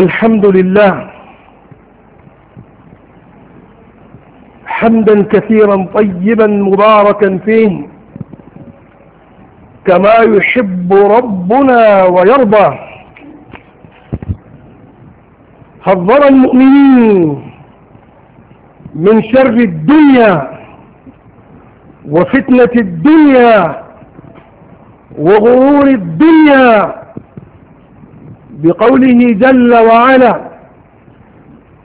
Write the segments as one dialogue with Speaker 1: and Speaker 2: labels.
Speaker 1: الحمد لله حمدا كثيرا طيبا مباركا فيه كما يحب ربنا ويرضى حذر المؤمنين من شر الدنيا وفتنة الدنيا وغرور الدنيا بقوله جل وعلا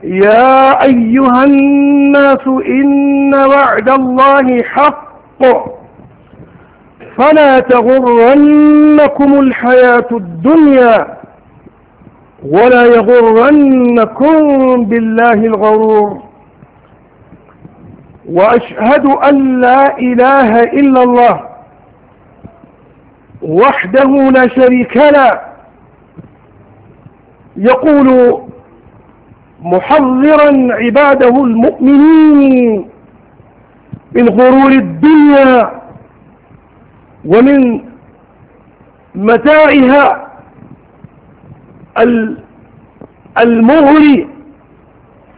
Speaker 1: يا أيها الناس إن وعد الله حق فلا تغرنكم الحياة الدنيا ولا يغرنكم بالله الغرور وأشهد أن لا إله إلا الله وحده لا شريك له يقول محذرا عباده المؤمنين من غرور الدنيا ومن متاعها المغري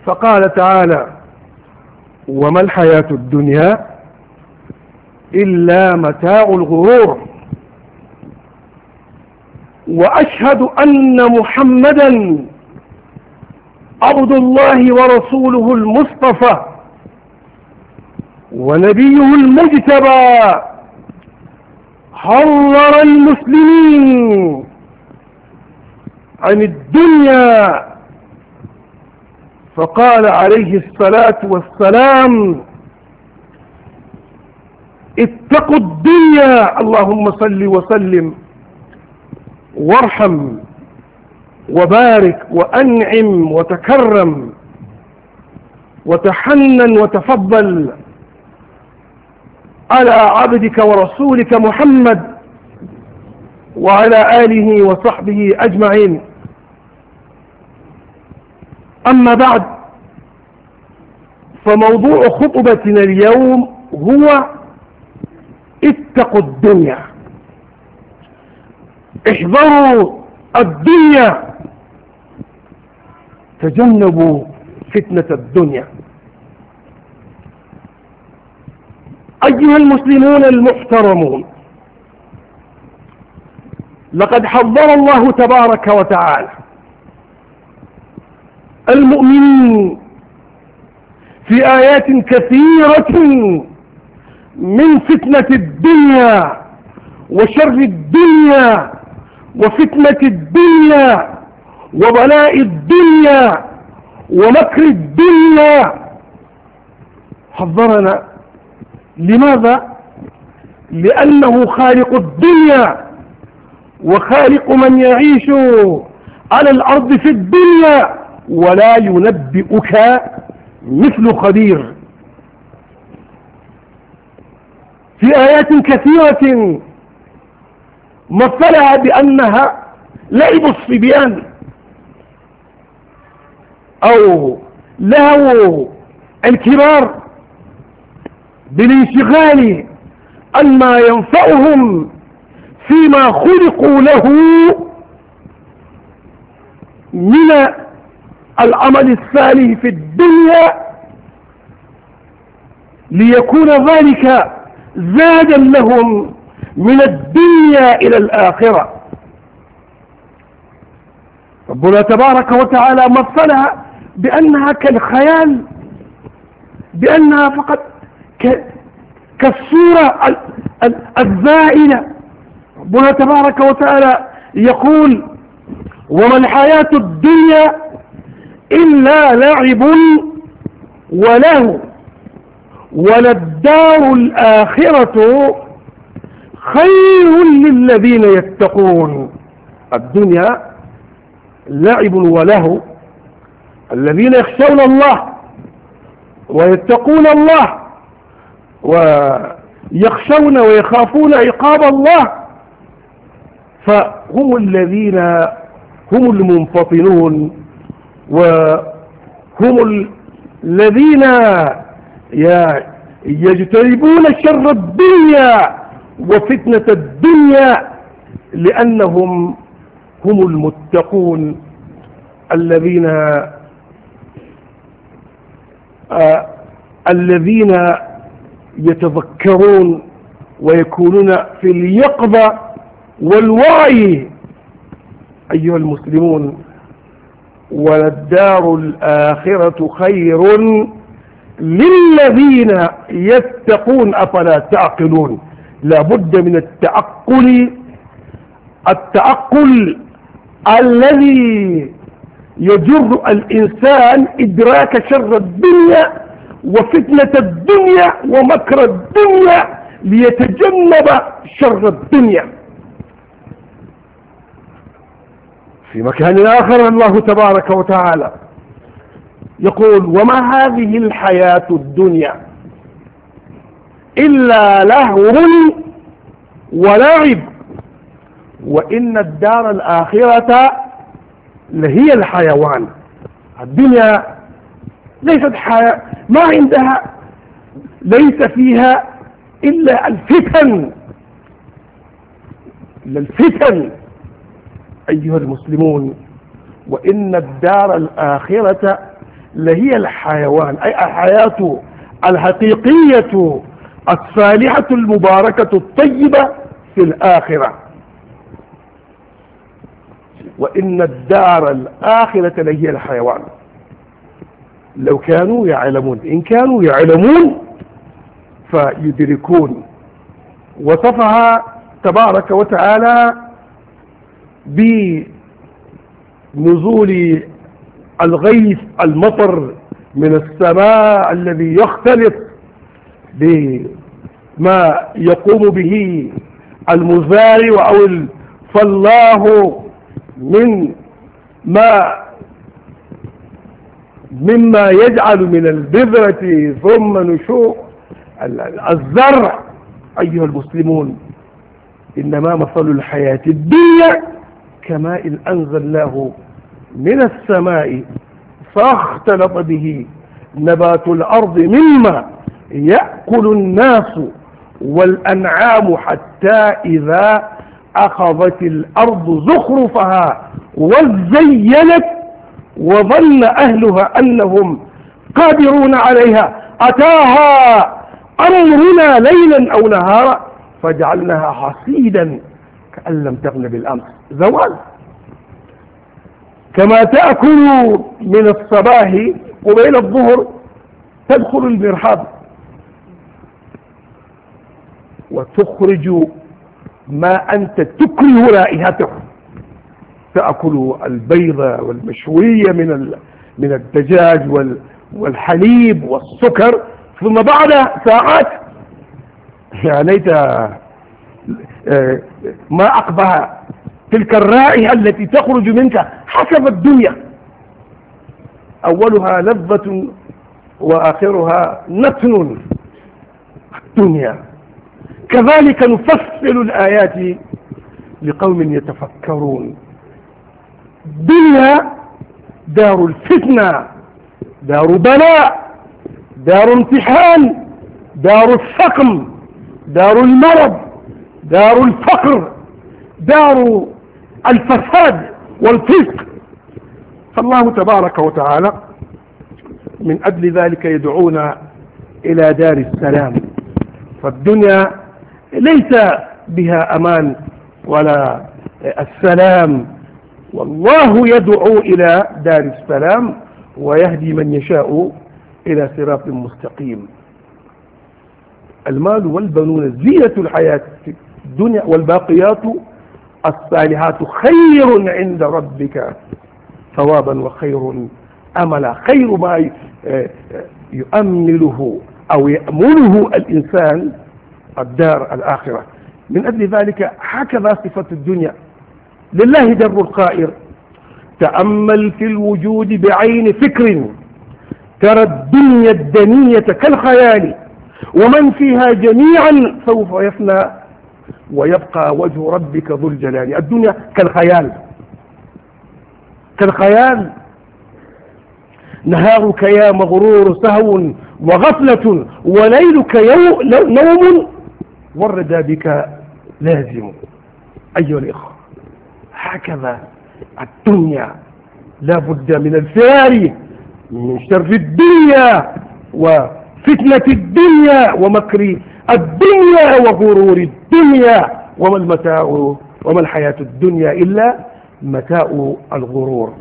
Speaker 1: فقال تعالى وما الحياة الدنيا إلا متاع الغرور وأشهد أن محمدا عبد الله ورسوله المصطفى ونبيه المجتبى حرر المسلمين عن الدنيا فقال عليه الصلاة والسلام اتقوا الدنيا اللهم صل وسلم وارحم وبارك وأنعم وتكرم وتحنن وتفضل على عبدك ورسولك محمد وعلى آله وصحبه أجمعين أما بعد فموضوع خطبتنا اليوم هو اتقوا الدنيا احذروا الدنيا تجنبوا فتنة الدنيا أيها المسلمون المحترمون لقد حذر الله تبارك وتعالى المؤمنين في آيات كثيرة من فتنة الدنيا وشر الدنيا وفتنة الدنيا وبلاء الدنيا ومكر الدنيا حذرنا لماذا لأنه خالق الدنيا وخالق من يعيش على الأرض في الدنيا ولا ينبئك مثل خبير في آيات كثيرة مثلها بأنها لعب الصبيان أو لهو الكبار بالانشغال عما ينفعهم فيما خلقوا له من العمل الصالح في الدنيا ليكون ذلك زادا لهم من الدنيا إلى الآخرة ربنا تبارك وتعالى مثلها بأنها كالخيال بأنها فقط كالصورة الزائلة ربنا تبارك وتعالى يقول وما الحياة الدنيا إلا لعب وله وللدار الآخرة خير للذين يتقون الدنيا لعب وله الذين يخشون الله ويتقون الله ويخشون ويخافون عقاب الله فهم الذين هم المنفطنون وهم الذين يجتنبون شر الدنيا وفتنة الدنيا لأنهم هم المتقون الذين آه الذين يتذكرون ويكونون في اليقظة والوعي أيها المسلمون وللدار الآخرة خير للذين يتقون أفلا تعقلون لابد من التعقل التعقل الذي يجر الإنسان إدراك شر الدنيا وفتنة الدنيا ومكر الدنيا ليتجنب شر الدنيا في مكان آخر الله تبارك وتعالى يقول وما هذه الحياة الدنيا إلا لهو ولعب وإن الدار الآخرة لهي الحيوان الدنيا ليست حياة ما عندها ليس فيها إلا الفتن الفتن أيها المسلمون وإن الدار الآخرة لهي الحيوان أي الحياة الحقيقية الصالحة المباركة الطيبة في الآخرة وإن الدار الآخرة لهي الحيوان لو كانوا يعلمون إن كانوا يعلمون فيدركون وصفها تبارك وتعالى بنزول الغيث المطر من السماء الذي يختلط بما يقوم به المزارع أو الفلاح من ما مما يجعل من البذرة ثم نشوء الزرع أيها المسلمون إنما مثل الحياة الدنيا كماء أنزلناه من السماء فاختلط به نبات الأرض مما يأكل الناس والأنعام حتى إذا أخذت الأرض زخرفها وزينت وظن أهلها أنهم قادرون عليها أتاها أمرنا ليلا أو نهارا فجعلناها حصيدا كأن لم تغن بالأمر زوال كما تأكل من الصباح قبيل الظهر تدخل المرحاض وتخرج ما أنت تكره رائحته تأكل البيض والمشوية من من الدجاج والحليب والسكر ثم بعد ساعات يا ليت آه، ما أقبح تلك الرائحة التي تخرج منك حسب الدنيا أولها لذة وآخرها نتن الدنيا كذلك نفصل الآيات لقوم يتفكرون دنيا دار الفتنة دار بلاء دار امتحان دار السقم دار المرض دار الفقر دار الفساد والفسق فالله تبارك وتعالى من أجل ذلك يدعونا إلى دار السلام فالدنيا ليس بها أمان ولا السلام والله يدعو إلى دار السلام ويهدي من يشاء إلى صراط مستقيم المال والبنون زينة الحياة في الدنيا والباقيات الصالحات خير عند ربك ثوابا وخير أملا خير ما آه، آه، يؤمله أو يأمله الإنسان الدار الآخرة من أجل ذلك هكذا صفة الدنيا لله در القائر تأمل في الوجود بعين فكر ترى الدنيا الدنية كالخيال ومن فيها جميعا سوف يفنى ويبقى وجه ربك ذو الجلال الدنيا كالخيال كالخيال نهارك يا مغرور سهو وغفلة وليلك يو... نوم والرضا بك لازم أيها الإخوة هكذا الدنيا لا بد من الفرار من شر الدنيا وفتنة الدنيا ومكر الدنيا وغرور الدنيا وما المتاع وما الحياة الدنيا إلا متاع الغرور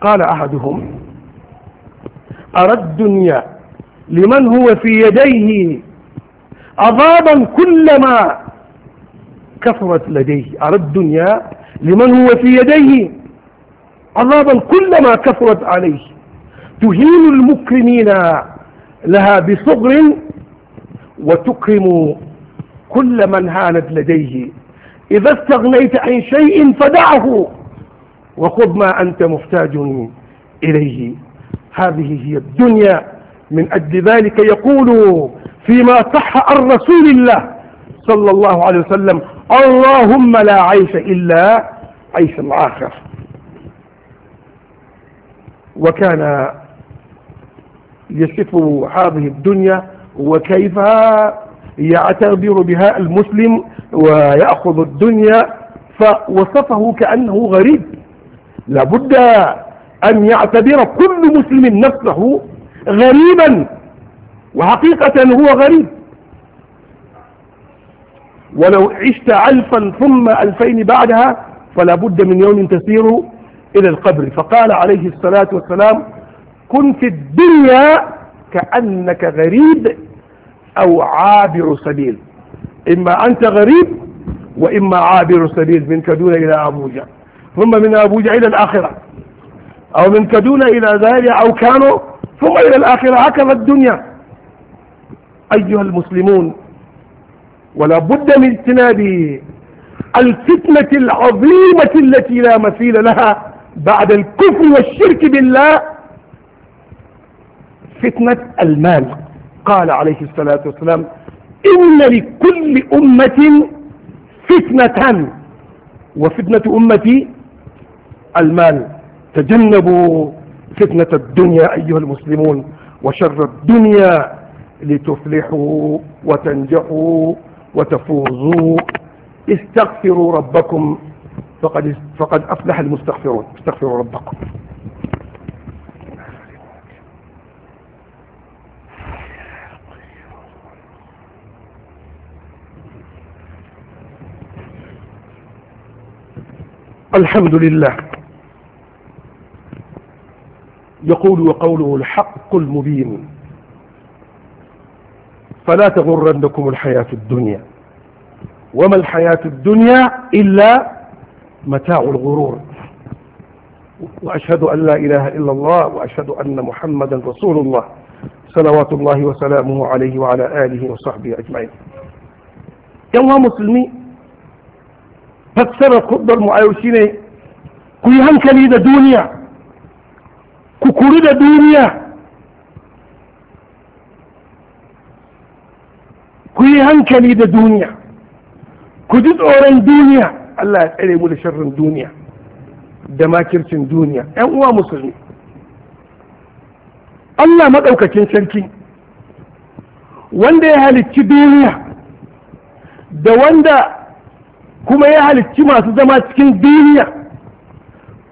Speaker 1: قال أحدهم أرى الدنيا لمن هو في يديه عذابا كلما كثرت لديه على الدنيا لمن هو في يديه عذابا كلما كثرت عليه تهين المكرمين لها بصغر وتكرم كل من هانت لديه إذا استغنيت عن شيء فدعه وخذ ما أنت محتاج إليه هذه هي الدنيا من أجل ذلك يقول فيما صح عن رسول الله صلى الله عليه وسلم اللهم لا عيش إلا عيش الآخر وكان يصف هذه الدنيا وكيف يعتبر بها المسلم ويأخذ الدنيا فوصفه كأنه غريب لابد أن يعتبر كل مسلم نفسه غريبا وحقيقة هو غريب ولو عشت ألفا ثم ألفين بعدها فلا بد من يوم تسير إلى القبر فقال عليه الصلاة والسلام كن في الدنيا كأنك غريب أو عابر سبيل إما أنت غريب وإما عابر سبيل من كدون إلى أبوجة ثم من أبوجة إلى الآخرة أو من كدون إلى ذلك أو كانوا ثم إلى الآخرة هكذا الدنيا أيها المسلمون ولا بد من اجتناب الفتنة العظيمة التي لا مثيل لها بعد الكفر والشرك بالله فتنة المال قال عليه الصلاة والسلام إن لكل أمة فتنة وفتنة أمتي المال تجنبوا فتنة الدنيا أيها المسلمون وشر الدنيا لتفلحوا وتنجحوا وتفوزوا استغفروا ربكم فقد, فقد أفلح المستغفرون استغفروا ربكم الحمد لله يقول وقوله الحق المبين فلا تغرنكم الحياة الدنيا وما الحياة الدنيا إلا متاع الغرور وأشهد أن لا إله إلا الله وأشهد أن محمدا رسول الله صلوات الله وسلامه عليه وعلى آله وصحبه أجمعين يوم مسلمي fassarar kuddar mu'ayo shi ne ku yi hankali da ku yi hankali da duniya ku ji tsoron duniya Allah ya tsare mu da sharrin duniya da makircin duniya ‘yan uwa musulmi Allah maɗaukacin sarki wanda ya halicci duniya da wanda kuma ya halicci masu zama cikin duniya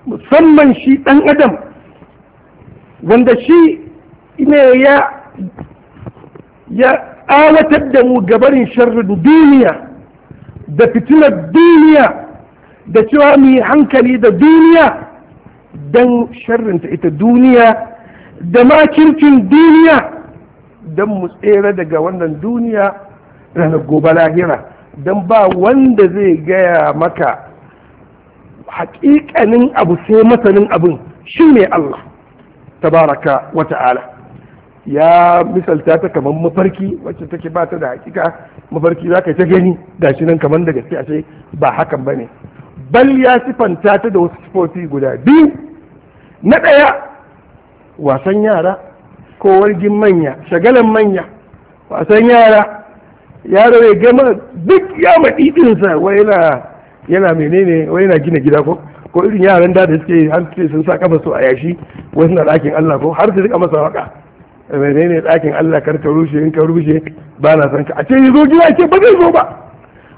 Speaker 1: musamman shi ɗan adam wanda shi ne ya tsawatar da mu gabarin sharrin duniya da fitilar duniya da cewa mu hankali da duniya don sharrinta ita duniya da makircin duniya don mu tsere daga wannan duniya ranar gobe lahira don ba wanda zai gaya maka haƙiƙanin abu sai masanin abin shi ne Allah tabaraka wa ta'ala ya misalta ta kamar mafarki wacce take ba ta da hakika mafarki za ka ta gani shi nan kamar da gaske ashe ba hakan ba ne bal ya sifanta ta da wasu sifofi guda biyu na ɗaya wasan yara ko wargin manya shagalan manya wasan yara yaro ya gama duk ya maɗiɗinsa wai yana yana menene wai yana gina gida ko ko irin yaran da da suke har sun sa kafa su a yashi wasu na ɗakin Allah ko har su rika masa waka ne ɗakin Allah kar ka rushe in ka rushe ba na san ka a ce ya zo gida ce ba zai zo ba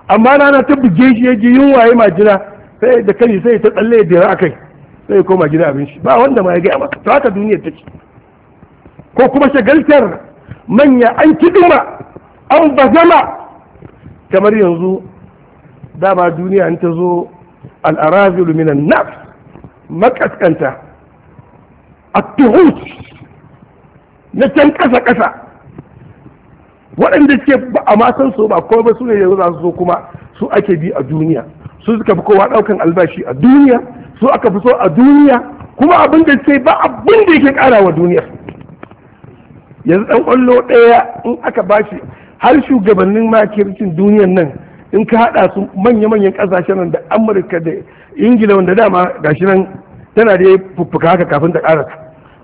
Speaker 1: amma na ta buge shi ya ji yunwa majina sai da kai sai ta tsalle ya dira akai sai ya koma gida abin shi ba wanda ma ya gaya maka ta haka duniyar ce ko kuma shagaltar manya an kidima an bazama kamar yanzu dama duniya in ta zo al'arazil minan nafs makaskanta at tuhus na can ƙasa ƙasa waɗanda ce ba a masan su ba kuma ba su ne yanzu za su zo kuma su ake bi a duniya su suka fi kowa ɗaukan albashi a duniya su aka fi so a duniya kuma abin da ce ba abin da yake ƙara wa duniya yanzu ɗan ƙwallo ɗaya in aka bashi har shugabannin makircin duniyan nan in ka haɗa su manya-manyan ƙasashen nan da amurka da ingila wanda dama gashi nan tana da fuffuka haka kafin ta ƙarasa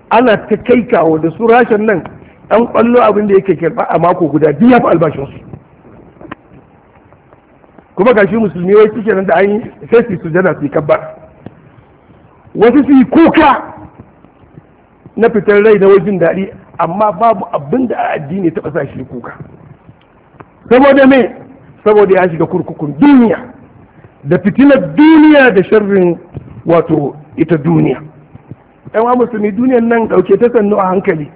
Speaker 1: ana ta kai kawo da su rashin nan ɗan ƙwallo abin da yake kirɓa a mako guda biya fi albashinsu kuma gashi musulmi wai suke nan da an yi sai su yana su yi kabba wasu su yi kuka na fitar rai na wajen daɗi amma babu abin da a addini taɓa sa shi kuka saboda me saboda ya shiga kurkukun duniya da fitilar duniya da sharrin wato ita duniya yan wa musulmi duniyar nan dauke ta sannu a hankali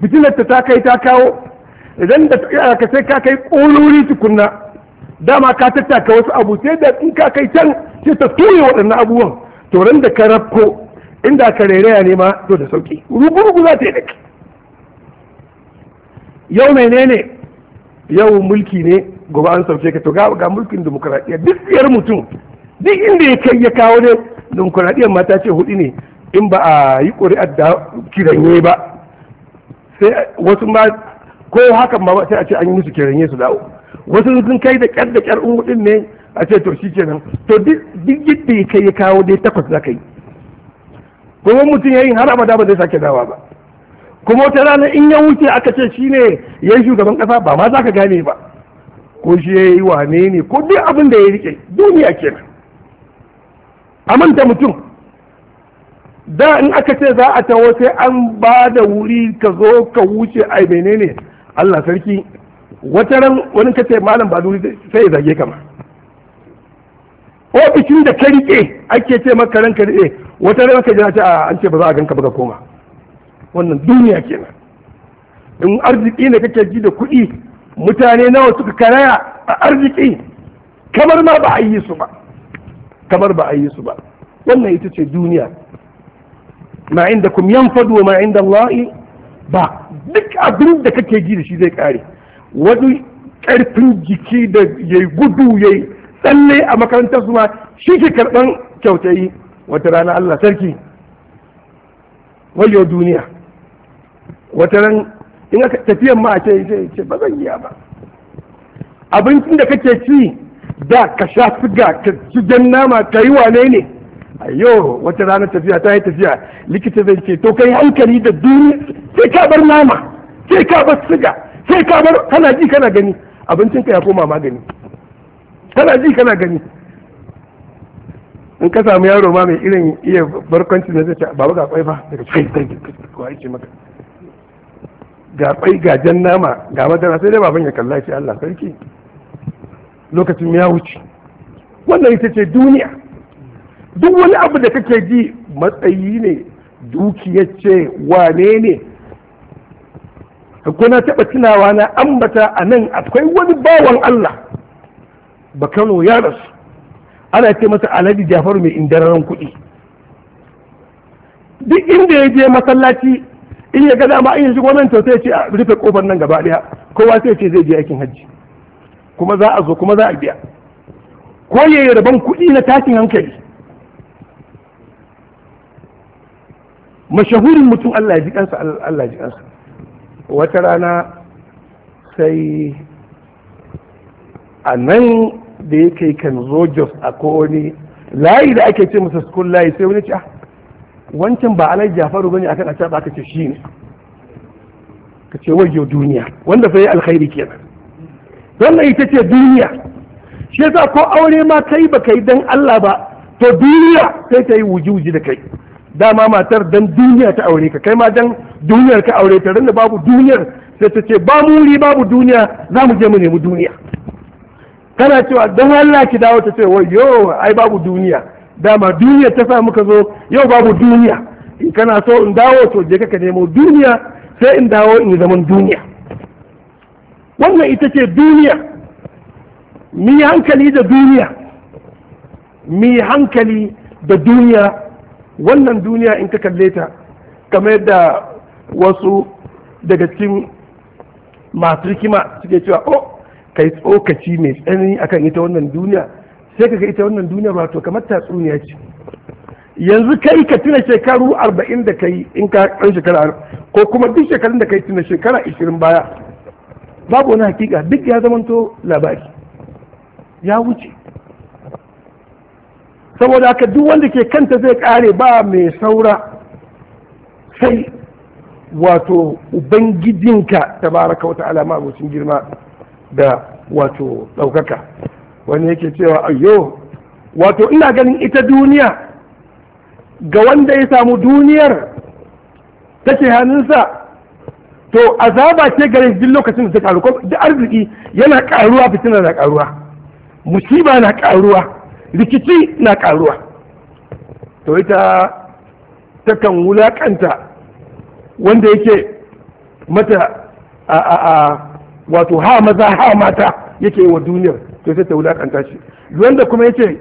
Speaker 1: bitilar ta kai ta kawo idan da ka sai ka kai kololi tukunna dama ka tattaka wasu abu sai da in ka kai can sai ta tuye waɗannan abubuwan to ran da ka rafko inda ka rairaya ne ma to da sauki rugu za ta yi dake yau menene yau mulki ne gobe an sauke ka to ga mulkin demokuraɗiyya duk biyar mutum duk inda ya kai ya kawo ne demokuraɗiyyar mata ce hudu ne in ba a yi ƙuri'ar da kiranye ba sai wasu ma ko hakan ma sai a ce an yi musu kiranye su dawo wasu sun kai da ƙyar da ƙyar umudin ne a ce to shi nan to duk yadda ya kai ya kawo dai takwas za ka yi kuma mutum ya yi har abada ba zai sake dawa ba kuma wata rana in ya wuce aka ce shi ne ya yi shugaban ƙasa ba ma za ka gane ba ko shi ya yi wane ne ko duk abin da ya rike duniya kenan a manta mutum da in aka ce za a taho sai an ba da wuri ka zo ka wuce ai menene Allah sarki wata ran wani ka ce malam ba duri sai ya zage ka kama ofishin da ka rike ake ce maka ran ka rike wata ran ka jira ta an ce ba za a ganka ba ka koma wannan duniya kenan in arziki ne kake ji da kuɗi mutane nawa suka karaya a arziki kamar ma ba a yi su ba kamar ba a yi su ba wannan ita ce duniya ma indakum yanfadu wa ma inda Allah ba duk abin da kake ji da shi zai kare wani karfin jiki da ya yi gudu ya yi tsalle a makarantar su ma shi ke karban kyautayi wata rana Allah sarki wayo duniya wata ran in aka tafiyan ma a ce ce ba zan iya ba abincin da kake ci da ka sha suga ka ci jan nama ka yi wane ne ayo wata rana tafiya ta yi tafiya likita zai ce to kai hankali da duniya sai ka bar nama sai ka bar siga sai ka bar kana ji kana gani abincin ka ya koma magani kana ji kana gani in ka samu yaro ma mai irin iya barkwanci na zai ce baba ga kwai fa daga cikin kai, ko ai ce maka ga kwai ga jan nama ga madara sai dai baban ya kalla shi Allah sarki lokacin ya wuce wannan ita ce duniya duk wani abu da kake ji matsayi ne dukiyacce ce wane ne na taɓa tunawa na ambata a nan akwai wani bawan Allah bakano ya rasu ana ce masa alhaji jafar mai indararen kuɗi duk inda ya je masallaci in ya gada ma in ya to ce a rufe kofar nan gaba daya kowa sai ce zai je aikin hajji kuma za a zo kuma za a biya ko ya yi rabon kuɗi na tashin hankali mashahurin mutum Allah ya ji kansa Allah ya ji kansa wata rana sai a nan da yake kan zo jos a wani layi da ake ce masa sukun layi sai wani ce ah wancan ba alai jafaru bane akan a taba aka ce shi ne ka ce wajo duniya wanda sai alkhairi kenan wannan ita ce duniya shi yasa ko aure ma kai ba kai dan Allah ba to duniya sai ta yi wuji wuji da kai dama matar dan duniya ta aure ka kai ma dan duniyar ka aure ta rinda babu duniyar sai ta ce ba ri babu duniya za mu je mu nemi duniya kana cewa dan Allah ki dawo ta ce wai yo ai babu duniya dama duniya ta sa muka zo yau babu duniya in kana so in dawo to je ka nemo duniya sai in dawo in zaman duniya wannan ita ce duniya mi hankali da duniya mi hankali da duniya wannan duniya in ka kalle ta kamar yadda wasu daga cikin masu hikima suke cewa o oh, kai tsokaci mai tsanani akan ita wannan duniya sai ka ga ita wannan duniyar wato kamar tatsuniya ce yanzu kai ka tuna shekaru arba'in da kai in ka ɗan shekara ko kuma duk shekarun da kai tuna shekara ishirin baya babu wani hakika duk ya zamanto labari ya wuce saboda haka duk wanda ke kanta zai kare ba mai saura sai wato ubangijinka baraka wata alama abocin girma da wato ɗaukaka wani yake cewa ayyo wato ina ganin ita duniya ga wanda ya samu duniyar take hannunsa to azaba ce gare duk lokacin da ta karu da arziki yana karuwa fitina na karuwa musiba na karuwa rikici na karuwa to ita takan wulakanta wanda yake mata a a a wato ha maza ha mata yake wa duniyar to sai ta wulakanta shi wanda kuma yake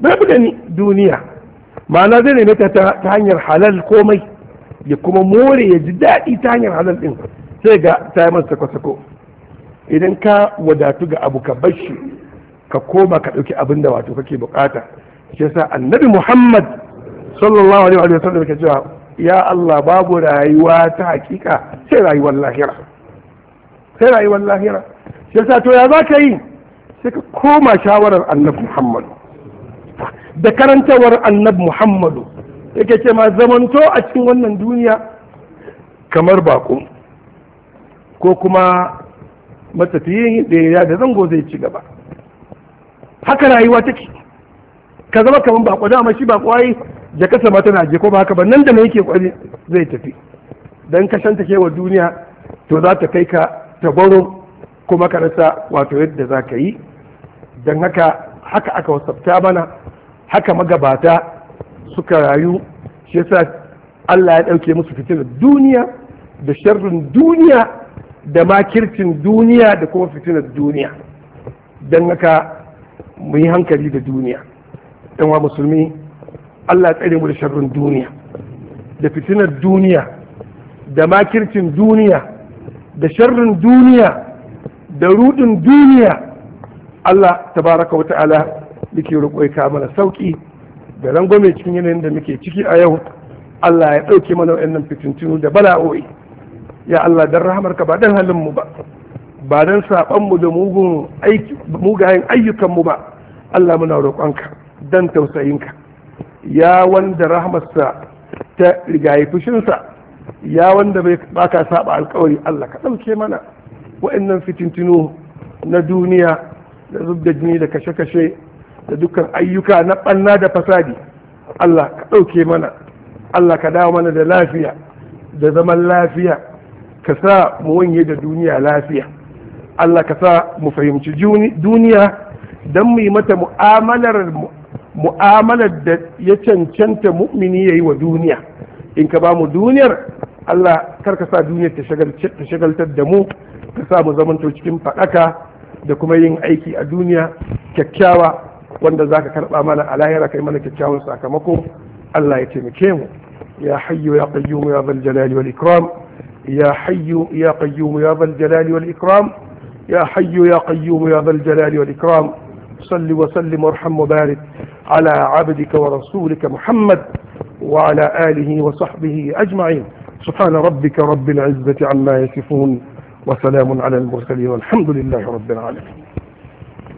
Speaker 1: babu da duniya ma'ana zai ne ta ta hanyar halal komai ya kuma more ya ji daɗi ta hanyar halal ɗin sai ga ta yi masa sako idan ka wadatu ga abu ka bashi. ka koma ka ɗauki abin da wato kake bukata ke sa annabi muhammad sallallahu alaihi wa sallam ke cewa ya allah babu rayuwa ta hakika sai rayuwar lahira sai rayuwar lahira ke sa to ya za ka yi sai ka koma shawarar annabi muhammad da karantawar annabi muhammadu yake ce ma zamanto a cikin wannan duniya kamar baƙo ko kuma matafiyin da ya da zango zai ci gaba haka rayuwa take ka zama kaman bako kwada shi ba kwai da kasa ma tana je ko ba haka ba nan da mai yake kwari zai tafi dan ka shanta kewa duniya to za ta kai ka tabaro kuma ka rasa wato yadda za ka yi dan haka haka aka wasafta mana haka magabata suka rayu shi yasa Allah ya dauke musu fitilar duniya da sharrin duniya da makircin duniya da kuma fitilar duniya don haka mu yi hankali da duniya ɗan wa musulmi Allah tsare mu da sharrin duniya da fitinar duniya da makircin duniya da sharrin duniya da rudin duniya Allah tabaraka wa ta'ala yake roƙo ya mana sauƙi, da rangwame cikin yanayin da muke ciki a yau Allah ya ɗauke mana wa'annan fitintunu da bala'o'i ya Allah dan rahamarka ba dan halin mu ba ba dan saɓan mu da mugun aiki mugayen ayyukan mu ba Allah muna roƙonka dan tausayinka ya wanda rahmarsa ta rigaye fushinsa ya wanda bai baka saba alkawari Allah ka ɗauke mana wa'annan fitintinu na duniya da zub da jini da kashe-kashe da dukkan ayyuka na ɓanna da fasadi Allah ka ɗauke mana Allah ka dawo mana da lafiya da zaman lafiya ka sa mu wanye da duniya lafiya Allah ka sa mu fahimci duniya don mu yi mata mu'amalar mu'amalar da ya cancanta mu'mini ya yi wa duniya in ka ba mu duniyar Allah kar ka sa duniyar ta shagaltar da mu ka sa mu zamanto cikin faɗaka da kuma yin aiki a duniya kyakkyawa wanda za ka karɓa mana a kai mana kyakkyawan sakamako Allah ya taimake mu ya hayyu ya mu ya zal jalali wal ikram ya hayyu ya mu ya zal jalali wal ikram ya hayyu ya mu ya zal jalali wal ikram صل وسلم وارحم وبارك على عبدك ورسولك محمد وعلى آله وصحبه أجمعين سبحان ربك رب العزة عما يصفون وسلام على المرسلين والحمد لله رب العالمين